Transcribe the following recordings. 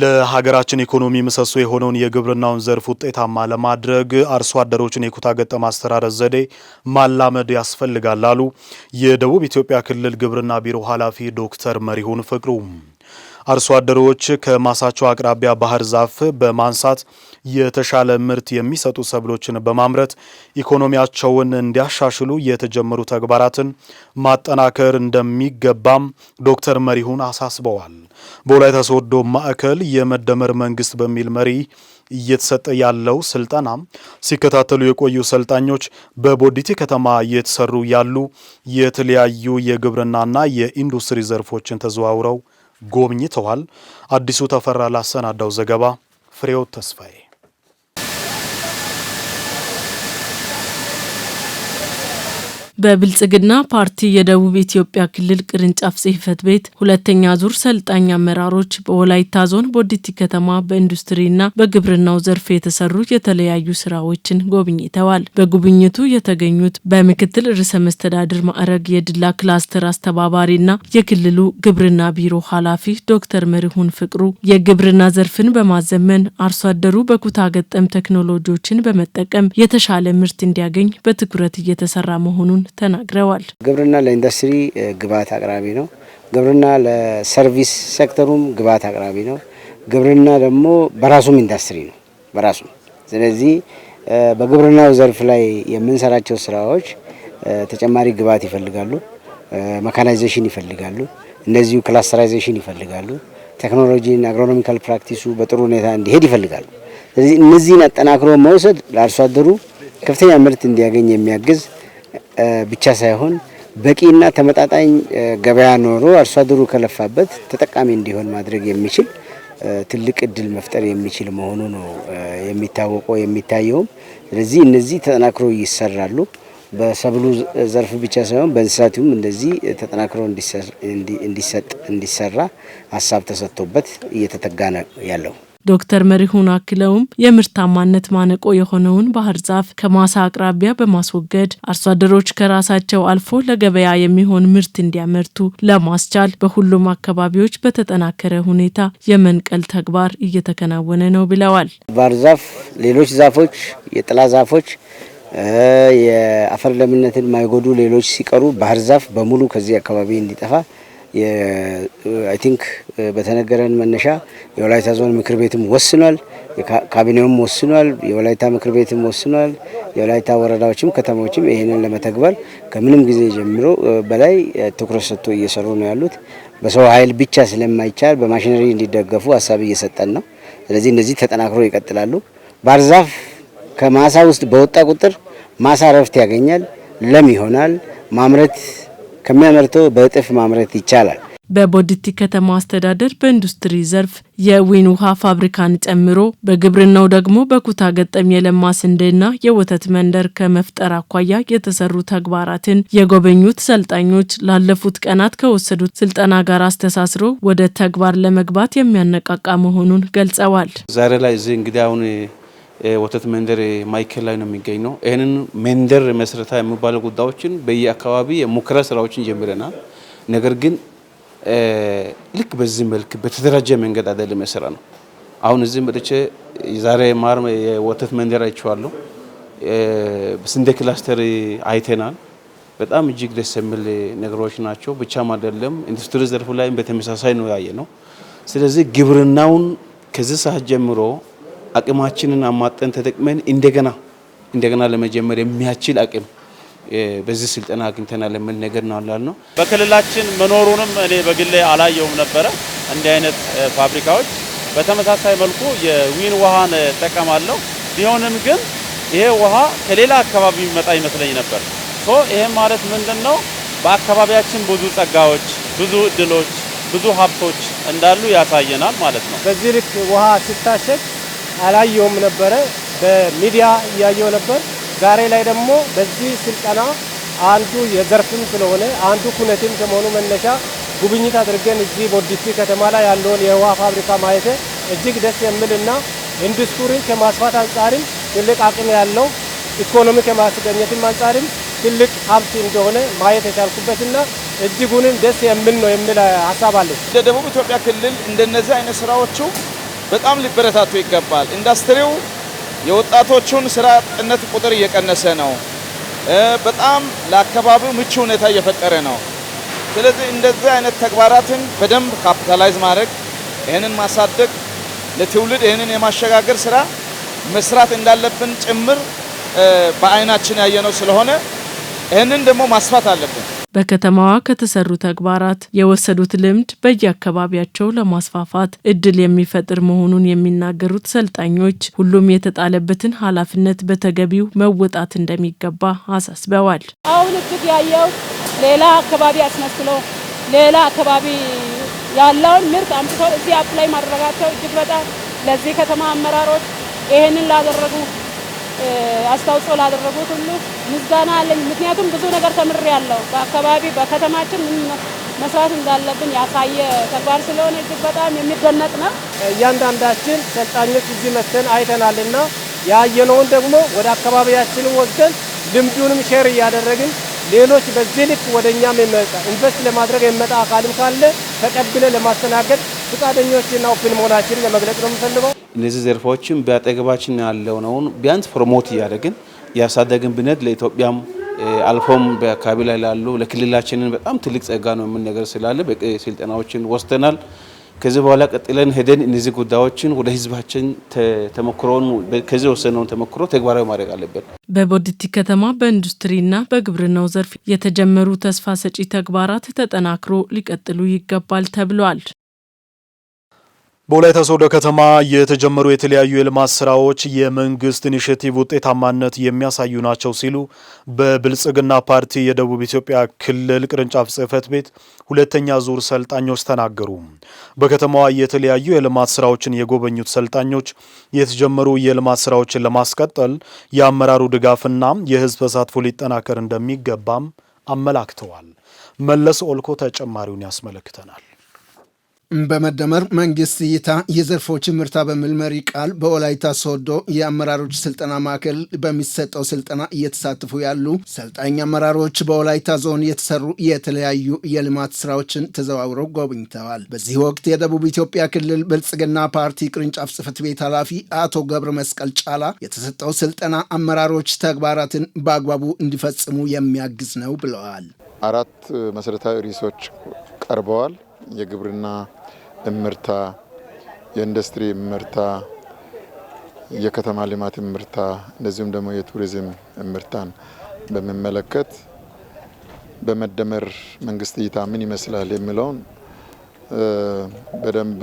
ለሀገራችን ኢኮኖሚ ምሰሶ የሆነውን የግብርናውን ዘርፍ ውጤታማ ለማድረግ አርሶ አደሮችን የኩታ ገጠም አስተራረስ ዘዴ ማላመድ ያስፈልጋል አሉ የደቡብ ኢትዮጵያ ክልል ግብርና ቢሮ ኃላፊ ዶክተር መሪሁን ፍቅሩ። አርሶ አደሮች ከማሳቸው አቅራቢያ ባህር ዛፍ በማንሳት የተሻለ ምርት የሚሰጡ ሰብሎችን በማምረት ኢኮኖሚያቸውን እንዲያሻሽሉ የተጀመሩ ተግባራትን ማጠናከር እንደሚገባም ዶክተር መሪሁን አሳስበዋል። በወላይታ ሶዶ ማዕከል የመደመር መንግስት በሚል መሪ እየተሰጠ ያለው ስልጠና ሲከታተሉ የቆዩ ሰልጣኞች በቦዲቲ ከተማ እየተሰሩ ያሉ የተለያዩ የግብርናና የኢንዱስትሪ ዘርፎችን ተዘዋውረው ጎብኝተዋል። አዲሱ ተፈራ ላሰናዳው ዘገባ ፍሬው ተስፋዬ በብልጽግና ፓርቲ የደቡብ ኢትዮጵያ ክልል ቅርንጫፍ ጽህፈት ቤት ሁለተኛ ዙር ሰልጣኝ አመራሮች በወላይታ ዞን ቦዲቲ ከተማ በኢንዱስትሪና በግብርናው ዘርፍ የተሰሩ የተለያዩ ስራዎችን ጎብኝተዋል። በጉብኝቱ የተገኙት በምክትል ርዕሰ መስተዳድር ማዕረግ የድላ ክላስተር አስተባባሪና የክልሉ ግብርና ቢሮ ኃላፊ ዶክተር መሪሁን ፍቅሩ የግብርና ዘርፍን በማዘመን አርሶ አደሩ በኩታ ገጠም ቴክኖሎጂዎችን በመጠቀም የተሻለ ምርት እንዲያገኝ በትኩረት እየተሰራ መሆኑን ተናግረዋል። ግብርና ለኢንዱስትሪ ግብዓት አቅራቢ ነው። ግብርና ለሰርቪስ ሴክተሩም ግብዓት አቅራቢ ነው። ግብርና ደግሞ በራሱም ኢንዱስትሪ ነው በራሱ ስለዚህ በግብርናው ዘርፍ ላይ የምንሰራቸው ስራዎች ተጨማሪ ግብዓት ይፈልጋሉ፣ መካናይዜሽን ይፈልጋሉ፣ እንደዚሁ ክላስተራይዜሽን ይፈልጋሉ፣ ቴክኖሎጂን አግሮኖሚካል ፕራክቲሱ በጥሩ ሁኔታ እንዲሄድ ይፈልጋሉ። ስለዚህ እነዚህን አጠናክሮ መውሰድ ለአርሶ አደሩ ከፍተኛ ምርት እንዲያገኝ የሚያግዝ ብቻ ሳይሆን በቂና ተመጣጣኝ ገበያ ኖሮ አርሶ አደሩ ከለፋበት ተጠቃሚ እንዲሆን ማድረግ የሚችል ትልቅ እድል መፍጠር የሚችል መሆኑ ነው የሚታወቀው የሚታየውም። ስለዚህ እነዚህ ተጠናክሮ ይሰራሉ። በሰብሉ ዘርፍ ብቻ ሳይሆን በእንስሳቱም እንደዚህ ተጠናክሮ እንዲሰጥ እንዲሰራ ሀሳብ ተሰጥቶበት እየተተጋ ነው ያለው። ዶክተር መሪሁን አክለውም የምርታማነት ማነቆ የሆነውን ባህር ዛፍ ከማሳ አቅራቢያ በማስወገድ አርሶ አደሮች ከራሳቸው አልፎ ለገበያ የሚሆን ምርት እንዲያመርቱ ለማስቻል በሁሉም አካባቢዎች በተጠናከረ ሁኔታ የመንቀል ተግባር እየተከናወነ ነው ብለዋል። ባህር ዛፍ፣ ሌሎች ዛፎች፣ የጥላ ዛፎች፣ የአፈር ለምነትን ማይጎዱ ሌሎች ሲቀሩ ባህር ዛፍ በሙሉ ከዚህ አካባቢ እንዲጠፋ አይ ቲንክ በተነገረን መነሻ የወላይታ ዞን ምክር ቤትም ወስኗል፣ ካቢኔውም ወስኗል፣ የወላይታ ምክር ቤትም ወስኗል። የወላይታ ወረዳዎችም ከተሞችም ይህንን ለመተግበር ከምንም ጊዜ ጀምሮ በላይ ትኩረት ሰጥቶ እየሰሩ ነው ያሉት። በሰው ኃይል ብቻ ስለማይቻል በማሽነሪ እንዲደገፉ ሀሳብ እየሰጠን ነው። ስለዚህ እነዚህ ተጠናክሮ ይቀጥላሉ። ባርዛፍ ከማሳ ውስጥ በወጣ ቁጥር ማሳ ረፍት ያገኛል፣ ለም ይሆናል ማምረት ከሚያመርተው በእጥፍ ማምረት ይቻላል። በቦዲቲ ከተማ አስተዳደር በኢንዱስትሪ ዘርፍ የዊን ውሃ ፋብሪካን ጨምሮ በግብርናው ደግሞ በኩታ ገጠም የለማ ስንዴና የወተት መንደር ከመፍጠር አኳያ የተሰሩ ተግባራትን የጎበኙት ሰልጣኞች ላለፉት ቀናት ከወሰዱት ስልጠና ጋር አስተሳስሮ ወደ ተግባር ለመግባት የሚያነቃቃ መሆኑን ገልጸዋል። ዛሬ ላይ እዚህ እንግዲህ አሁን ወተት መንደር ማዕከል ላይ ነው የሚገኘው። ይህንን መንደር መስረታ የሚባሉ ጉዳዮችን በየአካባቢ የሙከራ ስራዎችን ጀምረናል። ነገር ግን ልክ በዚህ መልክ በተደራጀ መንገድ አይደለም የሰራ ነው። አሁን እዚህ መጥቼ ዛሬ ማር የወተት መንደር አይቼዋለሁ። ስንዴ ክላስተር አይተናል። በጣም እጅግ ደስ የሚል ነገሮች ናቸው። ብቻም አይደለም ኢንዱስትሪ ዘርፉ ላይም በተመሳሳይ ነው ያየ ነው። ስለዚህ ግብርናውን ከዚህ ሰዓት ጀምሮ አቅማችንን አሟጠን ተጠቅመን እንደገና እንደገና ለመጀመር የሚያስችል አቅም በዚህ ስልጠና አግኝተናል የሚል ነገር ነው ነው። በክልላችን መኖሩንም እኔ በግሌ አላየውም ነበረ እንዲህ አይነት ፋብሪካዎች። በተመሳሳይ መልኩ የዊን ውሃን እጠቀማለሁ። ቢሆንም ግን ይሄ ውሃ ከሌላ አካባቢ የሚመጣ ይመስለኝ ነበር። ሶ ይሄም ማለት ምንድን ነው? በአካባቢያችን ብዙ ጸጋዎች፣ ብዙ እድሎች፣ ብዙ ሀብቶች እንዳሉ ያሳየናል ማለት ነው። በዚህ ልክ ውሃ ሲታሸግ አላየውም ነበረ። በሚዲያ እያየው ነበር። ዛሬ ላይ ደግሞ በዚህ ስልጠና አንዱ የዘርፍም ስለሆነ አንዱ ኩነትም ከመሆኑ መነሻ ጉብኝት አድርገን እዚህ ቦዲቲ ከተማ ላይ ያለውን የውሃ ፋብሪካ ማየት እጅግ ደስ የሚልና ኢንዱስትሪ ከማስፋት አንጻርም ትልቅ አቅም ያለው ኢኮኖሚ ከማስገኘትም አንጻርም ትልቅ ሀብት እንደሆነ ማየት የቻልኩበትና እጅጉንም ደስ የሚል ነው የሚል ሀሳብ አለ። እንደ ደቡብ ኢትዮጵያ ክልል እንደነዚህ አይነት ስራዎቹ በጣም ሊበረታቱ ይገባል። ኢንዱስትሪው የወጣቶቹን ስራ አጥነት ቁጥር እየቀነሰ ነው። በጣም ለአካባቢው ምቹ ሁኔታ እየፈጠረ ነው። ስለዚህ እንደዚህ አይነት ተግባራትን በደንብ ካፒታላይዝ ማድረግ ይህንን ማሳደግ ለትውልድ ይህንን የማሸጋገር ስራ መስራት እንዳለብን ጭምር በአይናችን ያየነው ስለሆነ ይህንን ደግሞ ማስፋት አለብን። በከተማዋ ከተሰሩ ተግባራት የወሰዱት ልምድ በየአካባቢያቸው ለማስፋፋት እድል የሚፈጥር መሆኑን የሚናገሩት ሰልጣኞች ሁሉም የተጣለበትን ኃላፊነት በተገቢው መወጣት እንደሚገባ አሳስበዋል። አሁን እጅግ ያየው ሌላ አካባቢ አስመስሎ ሌላ አካባቢ ያለውን ምርት አምጥቶ እዚህ አፕላይ ማድረጋቸው እጅግ በጣም ለዚህ ከተማ አመራሮች ይህንን ላደረጉ አስተዋጽኦ ላደረጉት ሁሉ ምስጋና አለኝ። ምክንያቱም ብዙ ነገር ተምሬያለሁ። በአካባቢ በከተማችን መስራት እንዳለብን ያሳየ ተግባር ስለሆነ እጅግ በጣም የሚደነቅ ነው። እያንዳንዳችን ሰልጣኞች እዚህ መተን አይተናልና ያየነውን ደግሞ ወደ አካባቢያችንም ወስደን ልምዱንም ሼር እያደረግን ሌሎች በዚህ ልክ ወደ እኛም ኢንቨስት ለማድረግ የመጣ አካልም ካለ ተቀብለ ለማስተናገድ ፍቃደኞችና ኦፕን መሆናችንን ለመግለጽ ነው የምፈልገው። እነዚህ ዘርፎችን በአጠገባችን ያለው አሁን ቢያንስ ፕሮሞት እያደረግን ያሳደግን ብነት ለኢትዮጵያም አልፎም በአካባቢ ላይ ላሉ ለክልላችንን በጣም ትልቅ ጸጋ ነው የምን ነገር ስላለ ስልጠናዎችን ወስደናል። ከዚህ በኋላ ቀጥለን ሄደን እነዚህ ጉዳዮችን ወደ ህዝባችን ተሞክሮውን ከዚህ የወሰነውን ተሞክሮ ተግባራዊ ማድረግ አለብን። በቦዲቲ ከተማ በኢንዱስትሪና በግብርናው ዘርፍ የተጀመሩ ተስፋ ሰጪ ተግባራት ተጠናክሮ ሊቀጥሉ ይገባል ተብሏል። በወላይታ ሶዶ ከተማ የተጀመሩ የተለያዩ የልማት ስራዎች የመንግስት ኢኒሽቲቭ ውጤታማነት የሚያሳዩ ናቸው ሲሉ በብልጽግና ፓርቲ የደቡብ ኢትዮጵያ ክልል ቅርንጫፍ ጽህፈት ቤት ሁለተኛ ዙር ሰልጣኞች ተናገሩ። በከተማዋ የተለያዩ የልማት ስራዎችን የጎበኙት ሰልጣኞች የተጀመሩ የልማት ስራዎችን ለማስቀጠል የአመራሩ ድጋፍና የህዝብ ተሳትፎ ሊጠናከር እንደሚገባም አመላክተዋል። መለስ ኦልኮ ተጨማሪውን ያስመለክተናል። በመደመር መንግስት እይታ የዘርፎችን ምርታ በሚል መሪ ቃል በወላይታ ሶዶ የአመራሮች ስልጠና ማዕከል በሚሰጠው ስልጠና እየተሳተፉ ያሉ ሰልጣኝ አመራሮች በወላይታ ዞን የተሰሩ የተለያዩ የልማት ስራዎችን ተዘዋውረው ጎብኝተዋል። በዚህ ወቅት የደቡብ ኢትዮጵያ ክልል ብልጽግና ፓርቲ ቅርንጫፍ ጽህፈት ቤት ኃላፊ አቶ ገብረ መስቀል ጫላ የተሰጠው ስልጠና አመራሮች ተግባራትን በአግባቡ እንዲፈጽሙ የሚያግዝ ነው ብለዋል። አራት መሰረታዊ ርዕሶች ቀርበዋል። የግብርና እምርታ፣ የኢንዱስትሪ እምርታ፣ የከተማ ልማት እምርታ እንደዚሁም ደግሞ የቱሪዝም እምርታን በሚመለከት በመደመር መንግስት እይታ ምን ይመስላል የሚለውን በደንብ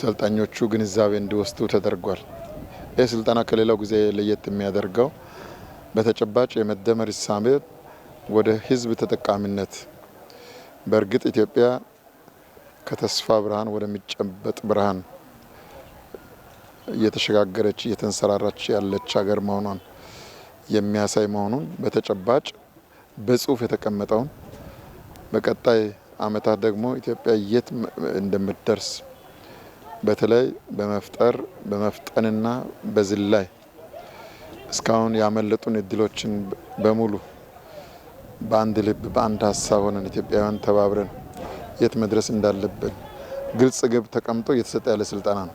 ሰልጣኞቹ ግንዛቤ እንዲወስዱ ተደርጓል። ይህ ስልጠና ከሌላው ጊዜ ለየት የሚያደርገው በተጨባጭ የመደመር እሳቤ ወደ ህዝብ ተጠቃሚነት በእርግጥ ኢትዮጵያ ከተስፋ ብርሃን ወደሚጨበጥ ብርሃን እየተሸጋገረች እየተንሰራራች ያለች ሀገር መሆኗን የሚያሳይ መሆኑን በተጨባጭ በጽሁፍ የተቀመጠውን በቀጣይ አመታት ደግሞ ኢትዮጵያ የት እንደምትደርስ በተለይ በመፍጠር በመፍጠንና በዝላይ እስካሁን ያመለጡን እድሎችን በሙሉ በአንድ ልብ በአንድ ሀሳብ ሆነን ኢትዮጵያውያን ተባብረን የት መድረስ እንዳለብን ግልጽ ግብ ተቀምጦ እየተሰጠ ያለ ስልጠና ነው።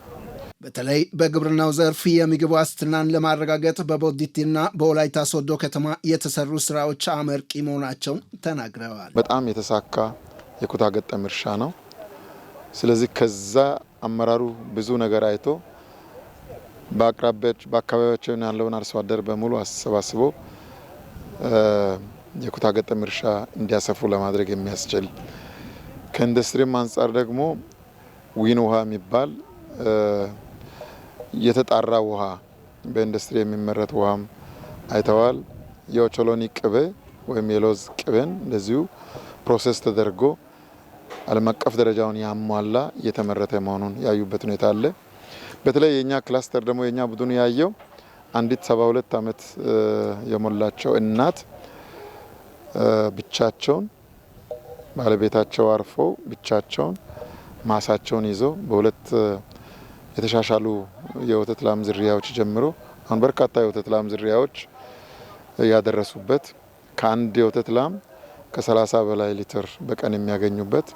በተለይ በግብርናው ዘርፍ የምግብ ዋስትናን ለማረጋገጥ በቦዲቲና በወላይታ ሶዶ ከተማ የተሰሩ ስራዎች አመርቂ መሆናቸውን ተናግረዋል። በጣም የተሳካ የኩታ ገጠም እርሻ ነው። ስለዚህ ከዛ አመራሩ ብዙ ነገር አይቶ በአቅራቢያች በአካባቢያችን ያለውን አርሶ አደር በሙሉ አሰባስቦ የኩታ ገጠም እርሻ እንዲያሰፉ ለማድረግ የሚያስችል ከኢንዱስትሪም አንጻር ደግሞ ዊን ውሃ የሚባል የተጣራ ውሃ በኢንዱስትሪ የሚመረት ውሃም አይተዋል። የኦቾሎኒ ቅቤ ወይም የሎዝ ቅቤን እንደዚሁ ፕሮሰስ ተደርጎ ዓለም አቀፍ ደረጃውን ያሟላ እየተመረተ መሆኑን ያዩበት ሁኔታ አለ። በተለይ የእኛ ክላስተር ደግሞ የእኛ ቡድኑ ያየው አንዲት 72 ዓመት የሞላቸው እናት ብቻቸውን ባለቤታቸው አርፎ ብቻቸውን ማሳቸውን ይዘው በሁለት የተሻሻሉ የወተት ላም ዝርያዎች ጀምሮ አሁን በርካታ የወተት ላም ዝርያዎች ያደረሱበት ከአንድ የወተት ላም ከ30 በላይ ሊትር በቀን የሚያገኙበት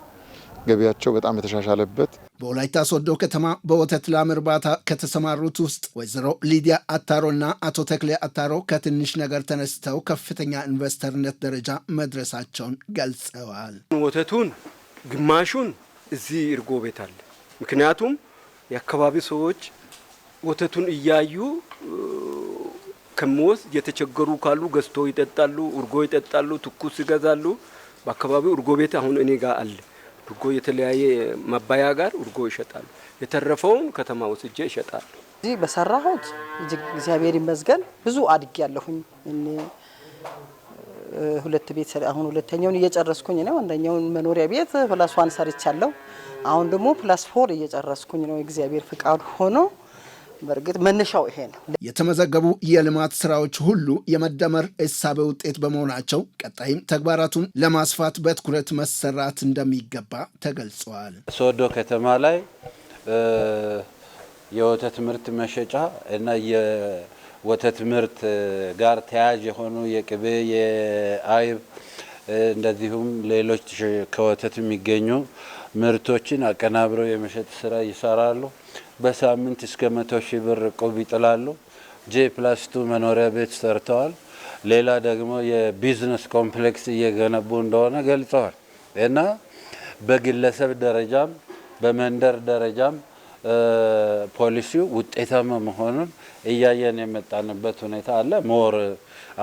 ገቢያቸው በጣም የተሻሻለበት በወላይታ ሶዶ ከተማ በወተት ላም እርባታ ከተሰማሩት ውስጥ ወይዘሮ ሊዲያ አታሮና አቶ ተክሌ አታሮ ከትንሽ ነገር ተነስተው ከፍተኛ ኢንቨስተርነት ደረጃ መድረሳቸውን ገልጸዋል። ወተቱን ግማሹን እዚህ እርጎ ቤት አለ። ምክንያቱም የአካባቢ ሰዎች ወተቱን እያዩ ከምወስድ የተቸገሩ ካሉ ገዝቶ ይጠጣሉ፣ እርጎ ይጠጣሉ፣ ትኩስ ይገዛሉ። በአካባቢው እርጎ ቤት አሁን እኔ ጋር አለ። እርጎ የተለያየ መባያ ጋር እርጎ ይሸጣሉ። የተረፈውን ከተማ ወስጄ ይሸጣሉ። እዚህ በሰራሁት እግዚአብሔር ይመስገን ብዙ አድግ ያለሁኝ ሁለት ቤት አሁን ሁለተኛውን እየጨረስኩኝ ነው። አንደኛውን መኖሪያ ቤት ፕላስ ዋን ሰርቻለሁ። አሁን ደግሞ ፕላስ ፎር እየጨረስኩኝ ነው። እግዚአብሔር ፍቃድ ሆኖ በእርግጥ መነሻው ይሄ ነው። የተመዘገቡ የልማት ስራዎች ሁሉ የመደመር እሳቤ ውጤት በመሆናቸው ቀጣይም ተግባራቱን ለማስፋት በትኩረት መሰራት እንደሚገባ ተገልጸዋል። ሶዶ ከተማ ላይ የወተት ምርት መሸጫ እና የወተት ምርት ጋር ተያያዥ የሆኑ የቅቤ፣ የአይብ እንደዚሁም ሌሎች ከወተት የሚገኙ ምርቶችን አቀናብረው የመሸጥ ስራ ይሰራሉ። በሳምንት እስከ መቶ ሺህ ብር እቁብ ይጥላሉ። ጄ ፕላስ ቱ መኖሪያ ቤት ሰርተዋል። ሌላ ደግሞ የቢዝነስ ኮምፕሌክስ እየገነቡ እንደሆነ ገልጸዋል። እና በግለሰብ ደረጃም በመንደር ደረጃም ፖሊሲው ውጤታማ መሆኑን እያየን የመጣንበት ሁኔታ አለ። ሞር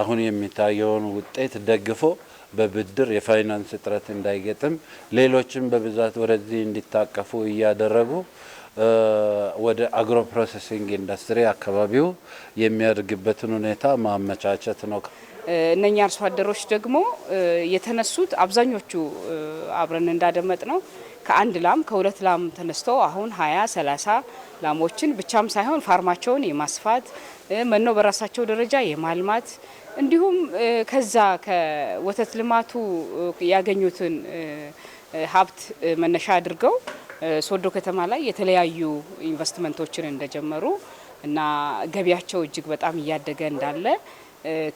አሁን የሚታየውን ውጤት ደግፎ በብድር የፋይናንስ እጥረት እንዳይገጥም ሌሎችም በብዛት ወደዚህ እንዲታቀፉ እያደረጉ ወደ አግሮ ፕሮሰሲንግ ኢንዱስትሪ አካባቢው የሚያድግበትን ሁኔታ ማመቻቸት ነው። እነኛ አርሶ አደሮች ደግሞ የተነሱት አብዛኞቹ አብረን እንዳደመጥ ነው ከአንድ ላም ከሁለት ላም ተነስተው አሁን ሀያ ሰላሳ ላሞችን ብቻም ሳይሆን ፋርማቸውን የማስፋት መኖ በራሳቸው ደረጃ የማልማት እንዲሁም ከዛ ከወተት ልማቱ ያገኙትን ሀብት መነሻ አድርገው ሶዶ ከተማ ላይ የተለያዩ ኢንቨስትመንቶችን እንደጀመሩ እና ገቢያቸው እጅግ በጣም እያደገ እንዳለ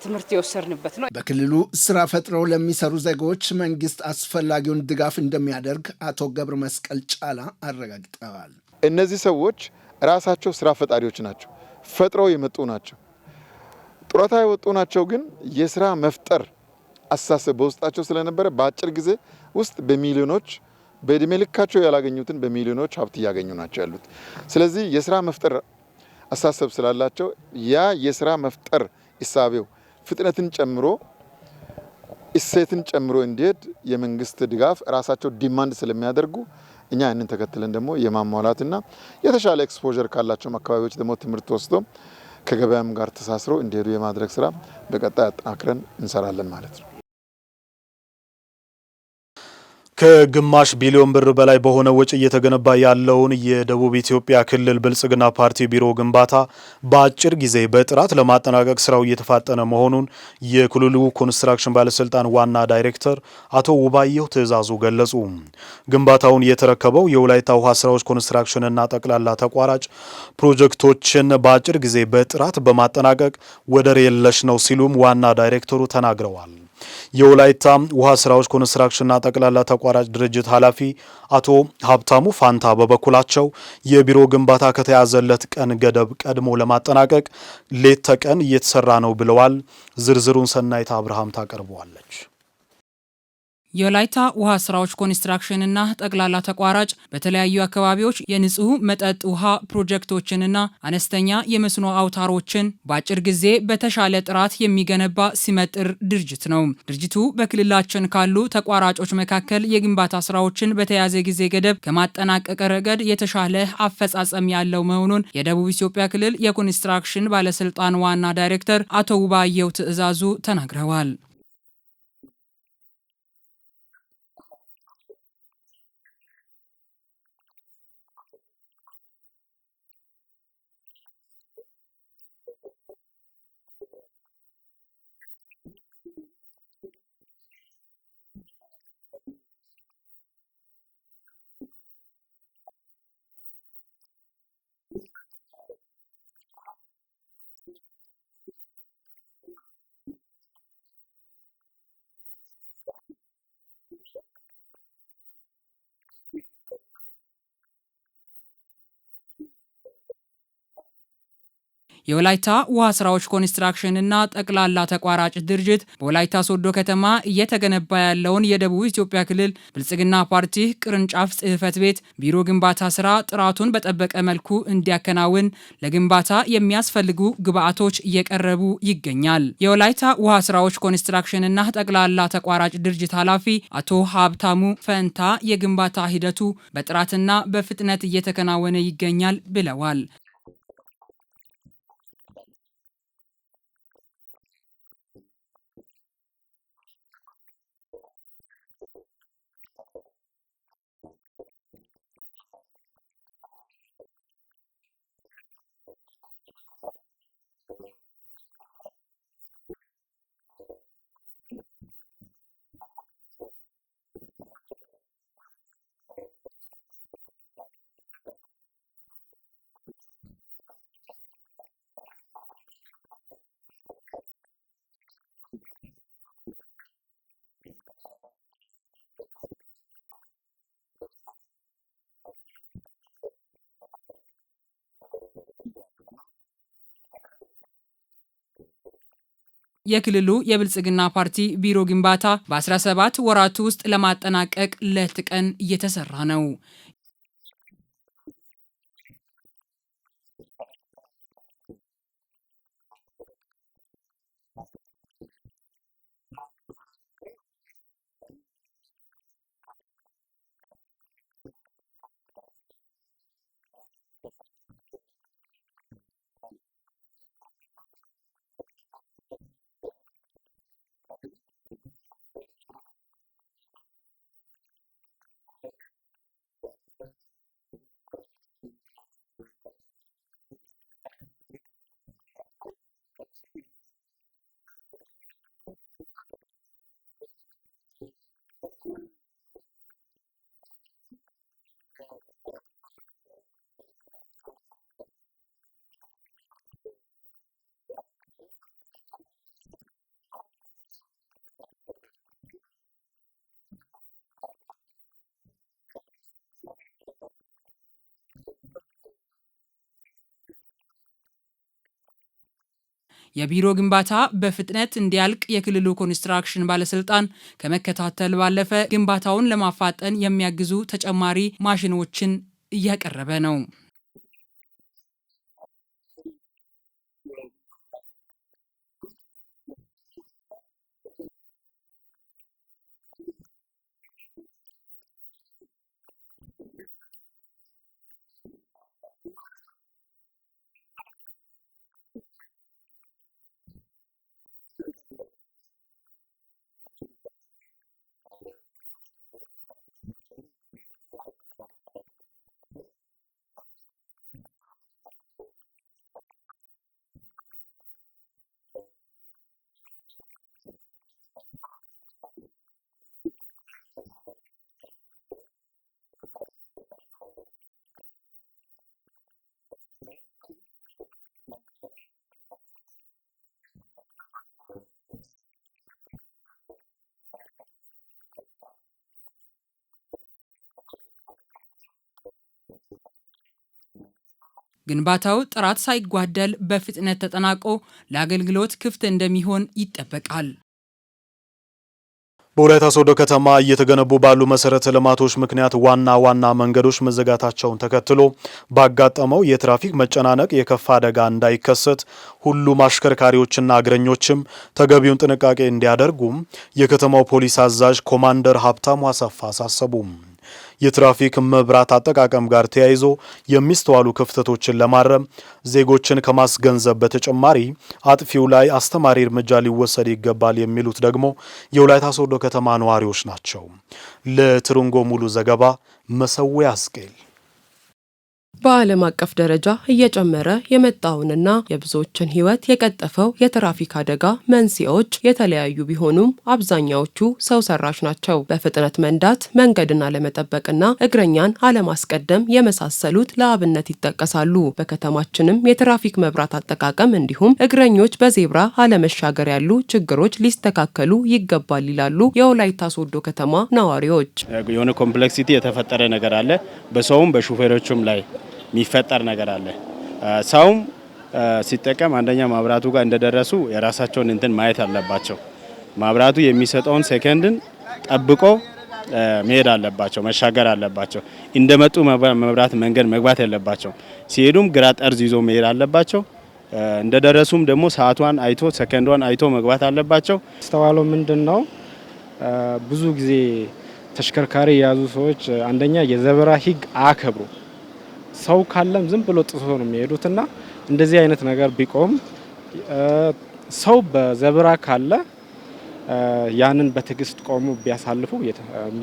ትምህርት የወሰድንበት ነው። በክልሉ ስራ ፈጥረው ለሚሰሩ ዜጎች መንግስት አስፈላጊውን ድጋፍ እንደሚያደርግ አቶ ገብረ መስቀል ጫላ አረጋግጠዋል። እነዚህ ሰዎች ራሳቸው ስራ ፈጣሪዎች ናቸው፣ ፈጥረው የመጡ ናቸው፣ ጡረታ የወጡ ናቸው። ግን የስራ መፍጠር አስተሳሰብ በውስጣቸው ስለነበረ በአጭር ጊዜ ውስጥ በሚሊዮኖች በእድሜ ልካቸው ያላገኙትን በሚሊዮኖች ሀብት እያገኙ ናቸው ያሉት። ስለዚህ የስራ መፍጠር አሳሰብ ስላላቸው ያ የስራ መፍጠር እሳቤው ፍጥነትን ጨምሮ እሴትን ጨምሮ እንዲሄድ የመንግስት ድጋፍ ራሳቸው ዲማንድ ስለሚያደርጉ እኛ ያንን ተከትለን ደግሞ የማሟላትና የተሻለ ኤክስፖዠር ካላቸውም አካባቢዎች ደግሞ ትምህርት ወስዶ ከገበያም ጋር ተሳስሮ እንዲሄዱ የማድረግ ስራ በቀጣይ አጠናክረን እንሰራለን ማለት ነው። ከግማሽ ቢሊዮን ብር በላይ በሆነ ወጪ እየተገነባ ያለውን የደቡብ ኢትዮጵያ ክልል ብልጽግና ፓርቲ ቢሮ ግንባታ በአጭር ጊዜ በጥራት ለማጠናቀቅ ስራው እየተፋጠነ መሆኑን የክልሉ ኮንስትራክሽን ባለስልጣን ዋና ዳይሬክተር አቶ ውባየሁ ትዕዛዙ ገለጹ። ግንባታውን የተረከበው የወላይታ ውሃ ስራዎች ኮንስትራክሽንና ጠቅላላ ተቋራጭ ፕሮጀክቶችን በአጭር ጊዜ በጥራት በማጠናቀቅ ወደር የለሽ ነው ሲሉም ዋና ዳይሬክተሩ ተናግረዋል። የወላይታ ውሃ ስራዎች ኮንስትራክሽንና ጠቅላላ ተቋራጭ ድርጅት ኃላፊ አቶ ሀብታሙ ፋንታ በበኩላቸው የቢሮ ግንባታ ከተያዘለት ቀን ገደብ ቀድሞ ለማጠናቀቅ ሌት ተቀን እየተሰራ ነው ብለዋል። ዝርዝሩን ሰናይታ አብርሃም ታቀርበዋለች። የላይታ ውሃ ስራዎች ኮንስትራክሽንና ጠቅላላ ተቋራጭ በተለያዩ አካባቢዎች የንጹህ መጠጥ ውሃ ፕሮጀክቶችንና አነስተኛ የመስኖ አውታሮችን በአጭር ጊዜ በተሻለ ጥራት የሚገነባ ሲመጥር ድርጅት ነው። ድርጅቱ በክልላችን ካሉ ተቋራጮች መካከል የግንባታ ስራዎችን በተያዘ ጊዜ ገደብ ከማጠናቀቅ ረገድ የተሻለ አፈጻጸም ያለው መሆኑን የደቡብ ኢትዮጵያ ክልል የኮንስትራክሽን ባለስልጣን ዋና ዳይሬክተር አቶ ውባየው ትዕዛዙ ተናግረዋል። የወላይታ ውሃ ስራዎች ኮንስትራክሽንና ጠቅላላ ተቋራጭ ድርጅት በወላይታ ሶዶ ከተማ እየተገነባ ያለውን የደቡብ ኢትዮጵያ ክልል ብልጽግና ፓርቲ ቅርንጫፍ ጽህፈት ቤት ቢሮ ግንባታ ስራ ጥራቱን በጠበቀ መልኩ እንዲያከናውን ለግንባታ የሚያስፈልጉ ግብአቶች እየቀረቡ ይገኛል። የወላይታ ውሃ ስራዎች ኮንስትራክሽንና ጠቅላላ ተቋራጭ ድርጅት ኃላፊ አቶ ሀብታሙ ፈንታ የግንባታ ሂደቱ በጥራትና በፍጥነት እየተከናወነ ይገኛል ብለዋል። የክልሉ የብልጽግና ፓርቲ ቢሮ ግንባታ በ17 ወራት ውስጥ ለማጠናቀቅ ለትቀን ቀን እየተሰራ ነው። የቢሮ ግንባታ በፍጥነት እንዲያልቅ የክልሉ ኮንስትራክሽን ባለስልጣን ከመከታተል ባለፈ ግንባታውን ለማፋጠን የሚያግዙ ተጨማሪ ማሽኖችን እያቀረበ ነው። ግንባታው ጥራት ሳይጓደል በፍጥነት ተጠናቆ ለአገልግሎት ክፍት እንደሚሆን ይጠበቃል። በወላይታ ሶዶ ከተማ እየተገነቡ ባሉ መሰረተ ልማቶች ምክንያት ዋና ዋና መንገዶች መዘጋታቸውን ተከትሎ ባጋጠመው የትራፊክ መጨናነቅ የከፋ አደጋ እንዳይከሰት ሁሉም አሽከርካሪዎችና እግረኞችም ተገቢውን ጥንቃቄ እንዲያደርጉም የከተማው ፖሊስ አዛዥ ኮማንደር ሀብታሙ አሰፋ አሳሰቡም። የትራፊክ መብራት አጠቃቀም ጋር ተያይዞ የሚስተዋሉ ክፍተቶችን ለማረም ዜጎችን ከማስገንዘብ በተጨማሪ አጥፊው ላይ አስተማሪ እርምጃ ሊወሰድ ይገባል የሚሉት ደግሞ የወላይታ ሶዶ ከተማ ነዋሪዎች ናቸው። ለትርንጎ ሙሉ ዘገባ መሰዊያ አስቄል በዓለም አቀፍ ደረጃ እየጨመረ የመጣውንና የብዙዎችን ሕይወት የቀጠፈው የትራፊክ አደጋ መንስኤዎች የተለያዩ ቢሆኑም አብዛኛዎቹ ሰው ሰራሽ ናቸው። በፍጥነት መንዳት፣ መንገድን አለመጠበቅና እግረኛን አለማስቀደም የመሳሰሉት ለአብነት ይጠቀሳሉ። በከተማችንም የትራፊክ መብራት አጠቃቀም እንዲሁም እግረኞች በዜብራ አለመሻገር ያሉ ችግሮች ሊስተካከሉ ይገባል ይላሉ የወላይታ ሶዶ ከተማ ነዋሪዎች። የሆነ ኮምፕሌክሲቲ የተፈጠረ ነገር አለ በሰውም በሹፌሮችም ላይ የሚፈጠር ነገር አለ። ሰውም ሲጠቀም አንደኛ ማብራቱ ጋር እንደደረሱ የራሳቸውን እንትን ማየት አለባቸው። ማብራቱ የሚሰጠውን ሴከንድን ጠብቆ መሄድ አለባቸው፣ መሻገር አለባቸው። እንደመጡ መብራት መንገድ መግባት የለባቸው። ሲሄዱም ግራ ጠርዝ ይዞ መሄድ አለባቸው። እንደደረሱም ደግሞ ሰዓቷን አይቶ ሰከንዷን አይቶ መግባት አለባቸው። አስተዋለው ምንድን ነው? ብዙ ጊዜ ተሽከርካሪ የያዙ ሰዎች አንደኛ የዘበራ ሂግ አያከብሩ ሰው ካለም ዝም ብሎ ጥሶ ነው የሚሄዱትና እንደዚህ አይነት ነገር ቢቆም ሰው በዘብራ ካለ ያንን በትዕግስት ቆሙ ቢያሳልፉ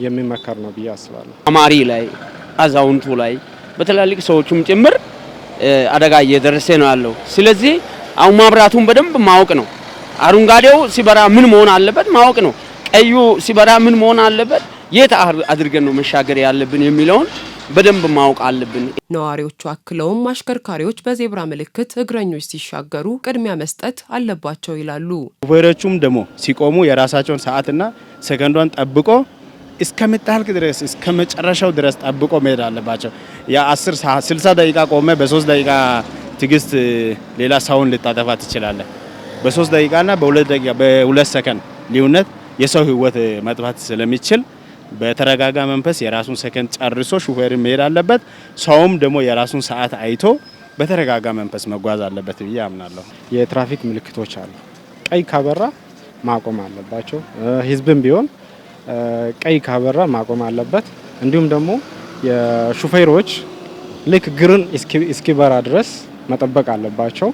የሚመከር ነው ብዬ አስባለሁ። ተማሪ ላይ፣ አዛውንቱ ላይ በትላልቅ ሰዎቹም ጭምር አደጋ እየደረሰ ነው ያለው። ስለዚህ አሁን ማብራቱን በደንብ ማወቅ ነው። አረንጓዴው ሲበራ ምን መሆን አለበት ማወቅ ነው። ቀዩ ሲበራ ምን መሆን አለበት፣ የት አድርገን ነው መሻገር ያለብን የሚለውን በደንብ ማወቅ አለብን። ነዋሪዎቹ አክለውም አሽከርካሪዎች በዜብራ ምልክት እግረኞች ሲሻገሩ ቅድሚያ መስጠት አለባቸው ይላሉ። ሾፌሮቹም ደግሞ ሲቆሙ የራሳቸውን ሰዓትና ሰከንዷን ጠብቆ እስከምታልቅ ድረስ እስከ መጨረሻው ድረስ ጠብቆ መሄድ አለባቸው። የ10 60 ደቂቃ ቆመ በ3 ደቂቃ ትግስት ሌላ ሰውን ልታጠፋ ትችላለ በ በ3 ደቂቃና በ2 ደቂቃ በ2 ሰከንድ ልዩነት የሰው ህይወት መጥፋት ስለሚችል በተረጋጋ መንፈስ የራሱን ሰከንድ ጨርሶ ሹፌር መሄድ አለበት። ሰውም ደግሞ የራሱን ሰዓት አይቶ በተረጋጋ መንፈስ መጓዝ አለበት ብዬ አምናለሁ። የትራፊክ ምልክቶች አሉ። ቀይ ካበራ ማቆም አለባቸው። ህዝብም ቢሆን ቀይ ካበራ ማቆም አለበት። እንዲሁም ደግሞ የሹፌሮች ልክ ግርን እስኪበራ ድረስ መጠበቅ አለባቸው።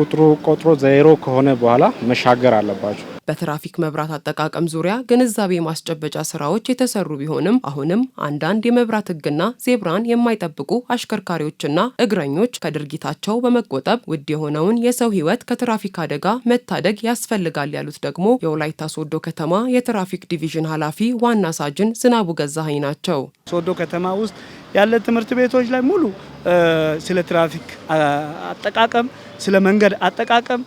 ቁጥሩ ቆጥሮ ዘይሮ ከሆነ በኋላ መሻገር አለባቸው። በትራፊክ መብራት አጠቃቀም ዙሪያ ግንዛቤ ማስጨበጫ ስራዎች የተሰሩ ቢሆንም አሁንም አንዳንድ የመብራት ህግና ዜብራን የማይጠብቁ አሽከርካሪዎችና እግረኞች ከድርጊታቸው በመቆጠብ ውድ የሆነውን የሰው ህይወት ከትራፊክ አደጋ መታደግ ያስፈልጋል ያሉት ደግሞ የወላይታ ሶዶ ከተማ የትራፊክ ዲቪዥን ኃላፊ ዋና ሳጅን ዝናቡ ገዛሀኝ ናቸው። ሶዶ ከተማ ውስጥ ያለ ትምህርት ቤቶች ላይ ሙሉ ስለ ትራፊክ አጠቃቀም፣ ስለ መንገድ አጠቃቀም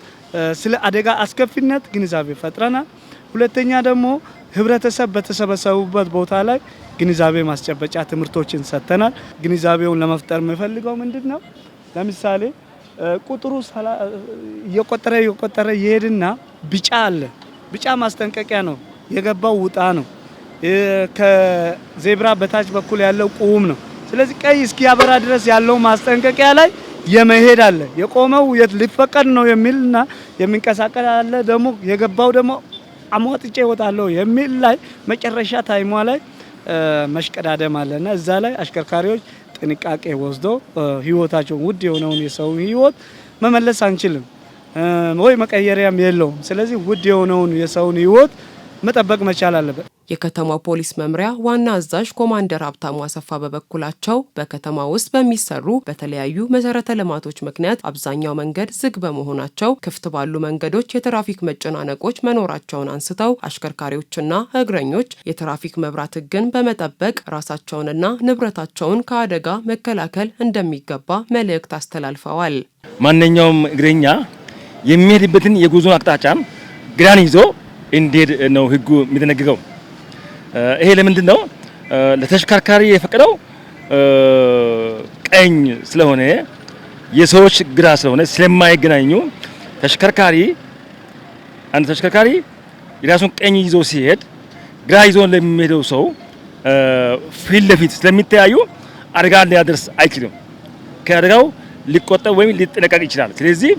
ስለ አደጋ አስከፊነት ግንዛቤ ፈጥረናል። ሁለተኛ ደግሞ ህብረተሰብ በተሰበሰቡበት ቦታ ላይ ግንዛቤ ማስጨበጫ ትምህርቶችን ሰጥተናል። ግንዛቤውን ለመፍጠር የምፈልገው ምንድን ነው? ለምሳሌ ቁጥሩ እየቆጠረ እየቆጠረ ይሄድና ቢጫ አለ። ቢጫ ማስጠንቀቂያ ነው፣ የገባው ውጣ ነው። ከዜብራ በታች በኩል ያለው ቁም ነው። ስለዚህ ቀይ እስኪያበራ ድረስ ያለው ማስጠንቀቂያ ላይ የመሄድ አለ የቆመው ሊፈቀድ ነው የሚልና የሚንቀሳቀስ አለ ደግሞ የገባው ደግሞ አሟጥጬ ይወጣለው የሚል ላይ መጨረሻ ታይሟ ላይ መሽቀዳደም አለና እዛ ላይ አሽከርካሪዎች ጥንቃቄ ወስዶ ህይወታቸውን ውድ የሆነውን የሰውን ህይወት መመለስ አንችልም ወይ መቀየሪያም የለውም። ስለዚህ ውድ የሆነውን የሰውን ህይወት መጠበቅ መቻል አለበት። የከተማ ፖሊስ መምሪያ ዋና አዛዥ ኮማንደር ሀብታሙ አሰፋ በበኩላቸው በከተማ ውስጥ በሚሰሩ በተለያዩ መሰረተ ልማቶች ምክንያት አብዛኛው መንገድ ዝግ በመሆናቸው ክፍት ባሉ መንገዶች የትራፊክ መጨናነቆች መኖራቸውን አንስተው አሽከርካሪዎችና እግረኞች የትራፊክ መብራት ሕግን በመጠበቅ ራሳቸውንና ንብረታቸውን ከአደጋ መከላከል እንደሚገባ መልእክት አስተላልፈዋል። ማንኛውም እግረኛ የሚሄድበትን የጉዞ አቅጣጫም ግራን ይዞ እንዴት ነው ህጉ የሚደነግገው። ይሄ ለምንድን ነው ለተሽከርካሪ የፈቀደው ቀኝ ስለሆነ የሰዎች ግራ ስለሆነ ስለማይገናኙ ተሽከርካሪ አንድ ተሽከርካሪ የራሱን ቀኝ ይዞ ሲሄድ ግራ ይዞ ለሚሄደው ሰው ፊት ለፊት ስለሚተያዩ አደጋ ሊያደርስ አይችልም። ከአደጋው ሊቆጠብ ወይም ሊጠነቀቅ ይችላል። ስለዚህ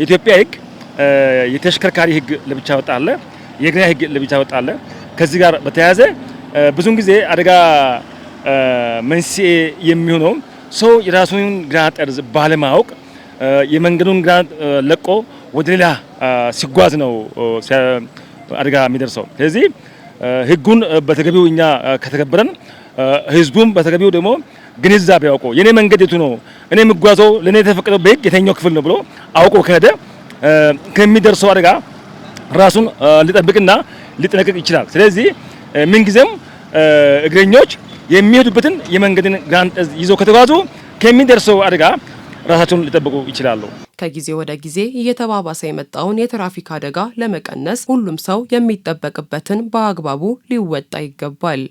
የኢትዮጵያ ህግ የተሽከርካሪ ህግ ለብቻ ወጣለ። የግራ ህግ ለብቻ ወጣለ። ከዚህ ጋር በተያያዘ ብዙን ጊዜ አደጋ መንስኤ የሚሆነው ሰው የራሱን ግራ ጠርዝ ባለማወቅ የመንገዱን ግራ ለቆ ወደ ሌላ ሲጓዝ ነው አደጋ የሚደርሰው። ስለዚህ ህጉን በተገቢው እኛ ከተገበረን ህዝቡም በተገቢው ደግሞ ግንዛቤ አውቆ የኔ መንገድ የቱ ነው እኔ የምጓዘው ለእኔ የተፈቀደው በህግ የተኛው ክፍል ነው ብሎ አውቆ ከሄደ ከሚደርሰው አደጋ ራሱን ሊጠብቅና ሊጠነቀቅ ይችላል። ስለዚህ ምንጊዜም እግረኞች የሚሄዱበትን የመንገድን ጋንጠዝ ይዘው ከተጓዙ ከሚደርሰው አደጋ ራሳቸውን ሊጠብቁ ይችላሉ። ከጊዜ ወደ ጊዜ እየተባባሰ የመጣውን የትራፊክ አደጋ ለመቀነስ ሁሉም ሰው የሚጠበቅበትን በአግባቡ ሊወጣ ይገባል።